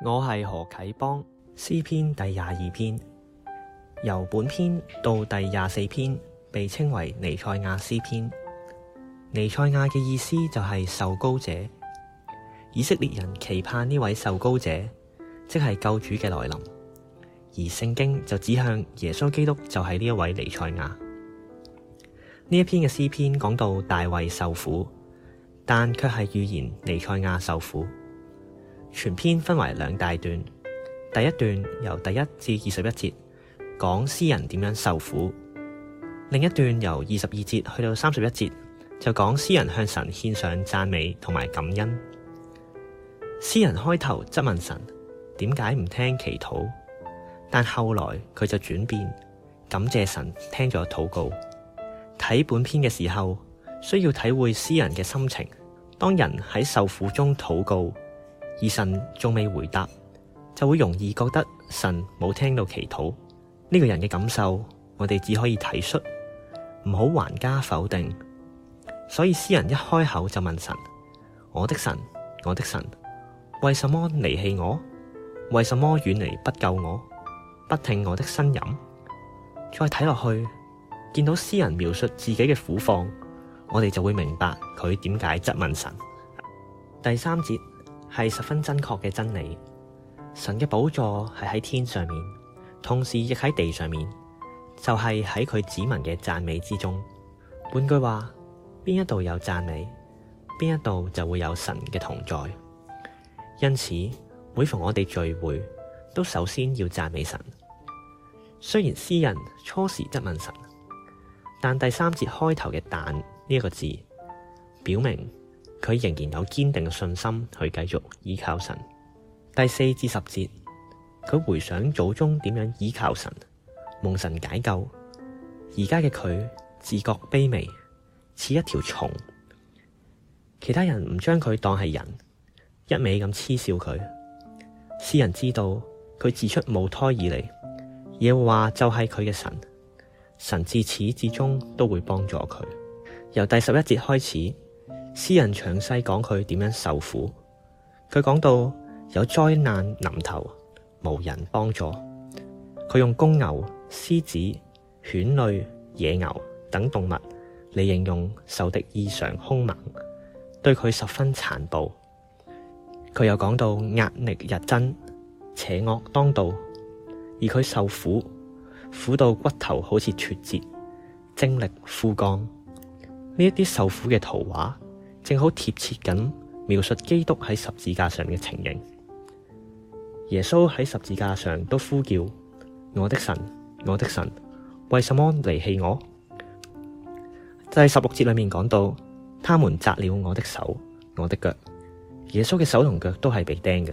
我係何啟邦。詩篇第廿二篇，由本篇到第廿四篇，被稱為彌賽亞詩篇。彌賽亞嘅意思就係受膏者，以色列人期盼呢位受膏者，即係救主嘅來臨。而聖經就指向耶穌基督就係呢一位彌賽亞。呢一篇嘅詩篇講到大衛受苦，但卻係預言彌賽亞受苦。全篇分為兩大段，第一段由第一至二十一節講詩人點樣受苦，另一段由二十二節去到三十一節就講詩人向神獻上讚美同埋感恩。詩人開頭質問神點解唔聽祈禱，但後來佢就轉變，感謝神聽咗禱告。睇本篇嘅時候，需要體會詩人嘅心情。當人喺受苦中禱告。而神仲未回答，就會容易覺得神冇聽到祈禱。呢個人嘅感受，我哋只可以體恤，唔好還加否定。所以詩人一開口就問神：我的神，我的神，為什麼離棄我？為什麼遠離不救我？不聽我的呻吟？再睇落去，見到詩人描述自己嘅苦況，我哋就會明白佢點解質問神。第三節。係十分真確嘅真理。神嘅寶座係喺天上面，同時亦喺地上面，就係喺佢子民嘅讚美之中。換句話，邊一度有讚美，邊一度就會有神嘅同在。因此，每逢我哋聚會，都首先要讚美神。雖然詩人初時質問神，但第三節開頭嘅但呢一個字，表明。佢仍然有堅定嘅信心去繼續依靠神。第四至十節，佢回想祖宗點樣依靠神，望神解救。而家嘅佢自覺卑微，似一條蟲。其他人唔將佢當係人，一味咁嗤笑佢。詩人知道佢自出母胎以嚟，耶和華就係佢嘅神，神自始至終都會幫助佢。由第十一節開始。詩人詳細講佢點樣受苦。佢講到有災難臨頭，無人幫助。佢用公牛、獅子、犬類、野牛等動物嚟，形容受敵異常凶猛，對佢十分殘暴。佢又講到壓力日增，邪惡當道，而佢受苦苦到骨頭好似脫節，精力枯乾。呢一啲受苦嘅圖畫。正好貼切緊描述基督喺十字架上嘅情形。耶穌喺十字架上都呼叫：我的神，我的神，為什麼離棄我？第十六節裏面講到，他們扎了我的手、我的腳。耶穌嘅手同腳都係被釘嘅。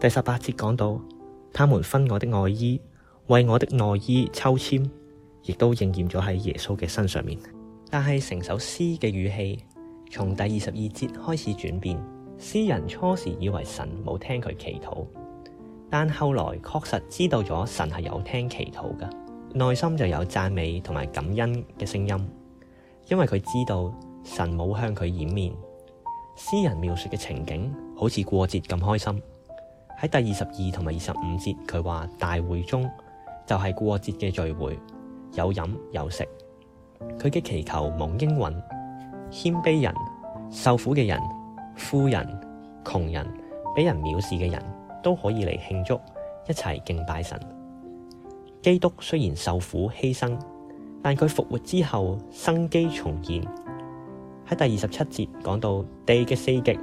第十八節講到，他們分我的外衣，為我的內衣抽籤，亦都應驗咗喺耶穌嘅身上面。但係成首詩嘅語氣。從第二十二節開始轉變，詩人初時以為神冇聽佢祈禱，但後來確實知道咗神係有聽祈禱噶，內心就有讚美同埋感恩嘅聲音，因為佢知道神冇向佢掩面。詩人描述嘅情景好似過節咁開心。喺第二十二同埋二十五節，佢話大會中就係過節嘅聚會，有飲有食。佢嘅祈求蒙應允。謙卑人、受苦嘅人、富人、窮人、俾人藐視嘅人都可以嚟慶祝，一齊敬拜神。基督雖然受苦犧牲，但佢復活之後生機重現。喺第二十七節講到地嘅四極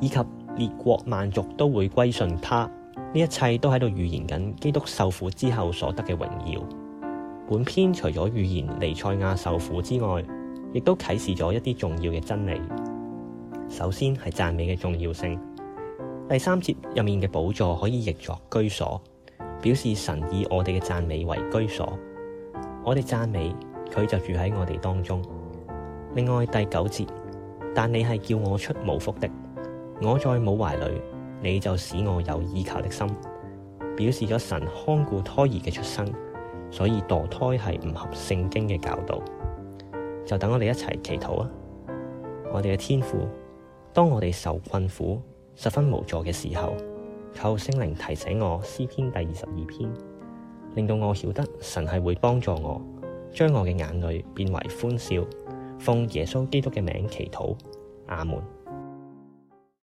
以及列國萬族都會歸順他，呢一切都喺度預言緊基督受苦之後所得嘅榮耀。本篇除咗預言彌賽亞受苦之外，亦都啟示咗一啲重要嘅真理。首先係讚美嘅重要性。第三節入面嘅寶座可以譯作居所，表示神以我哋嘅讚美為居所，我哋讚美佢就住喺我哋當中。另外第九節，但你係叫我出母腹的，我在母懷裏，你就使我有倚靠的心，表示咗神看顧胎兒嘅出生，所以墮胎係唔合聖經嘅教導。就等我哋一齊祈禱啊！我哋嘅天父，當我哋受困苦、十分無助嘅時候，求聖靈提醒我詩篇第二十二篇，令到我曉得神係會幫助我，將我嘅眼淚變為歡笑。奉耶穌基督嘅名祈禱，阿門。